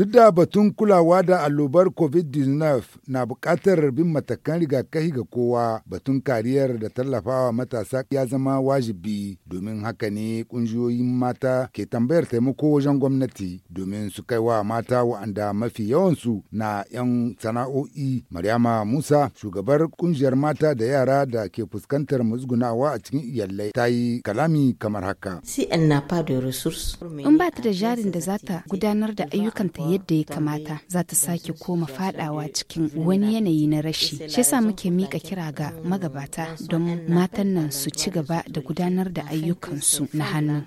Duk da batun kulawa da allobar COVID-19 na bukatar bin matakan rigakafi ga kowa batun kariyar da tallafawa matasa ya zama wajibi domin haka ne kungiyoyin mata ke tambayar taimako wajen gwamnati domin su kai wa mata wa'anda mafi yawansu na 'yan sana'o'i. Maryama Musa, shugabar ƙungiyar mata da yara da ke fuskantar musgunawa a cikin iyalai ta yi kalami kamar haka. In ba ta da jarin da za ta gudanar da ayyukanta yadda ya kamata za ta sake koma fadawa cikin wani yanayi na rashi shi yasa muke mika kira ga magabata don matan nan su ci gaba da gudanar da ayyukansu na hannu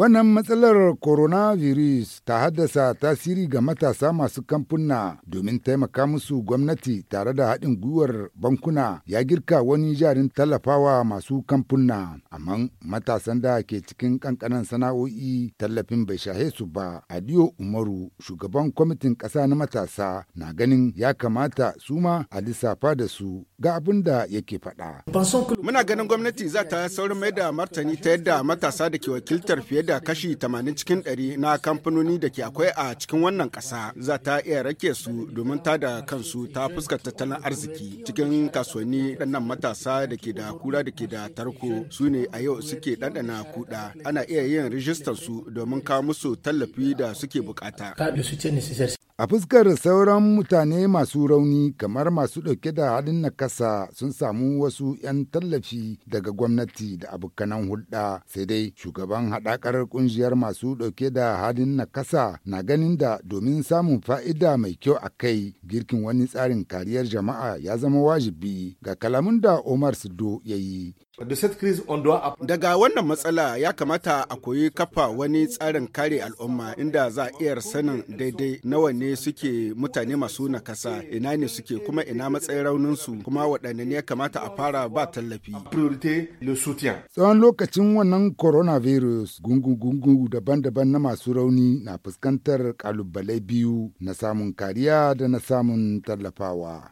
Wannan matsalar coronavirus ta haddasa tasiri ga matasa masu kamfuna domin taimaka musu gwamnati tare da haɗin gwiwar bankuna ya girka wani jarin tallafawa masu kamfuna. Amma matasan da ke cikin ƙanƙanan sana'o'i tallafin bai shahe su ba. adio Umaru, shugaban kwamitin ƙasa na matasa, na ganin ya kamata su ma a lissafa da su ga abin da yake faɗa. Muna ganin gwamnati za ta saurin mai da martani ta yadda matasa da ke wakiltar fiye da kashi 80 cikin 100 na kamfanoni da ke akwai a cikin wannan ƙasa za ta iya rake su domin ta da kansu ta fuskar tattalin arziki cikin kasuwanni ɗannan matasa da ke da kura da ke da tarko su ne a yau suke ɗanɗana kuɗa ana iya yin rijistar su domin kawo musu tallafi da suke bukata. A fuskar sauran mutane masu rauni kamar masu ɗauke da halin nakasa sun samu wasu 'yan tallafi daga gwamnati da abokanan hulɗa sai dai shugaban haɗakar ƙungiyar masu ɗauke da halin nakasa na ganin da domin samun fa'ida mai kyau a kai girkin wani tsarin kariyar jama'a ya zama wajibi ga kalamun da Omar Sido ya yi. Daga wannan matsala ya kamata a koyi kafa wani tsarin kare al'umma inda za a iya sanin daidai nawa ne suke mutane masu nakasa, ina ne suke kuma ina matsayin rauninsu kuma waɗanne ne ya kamata a fara ba tallafi. Tsawon lokacin wannan coronavirus gungu-gungu daban-daban na masu rauni na fuskantar kalubale biyu na samun kariya da na samun tallafawa.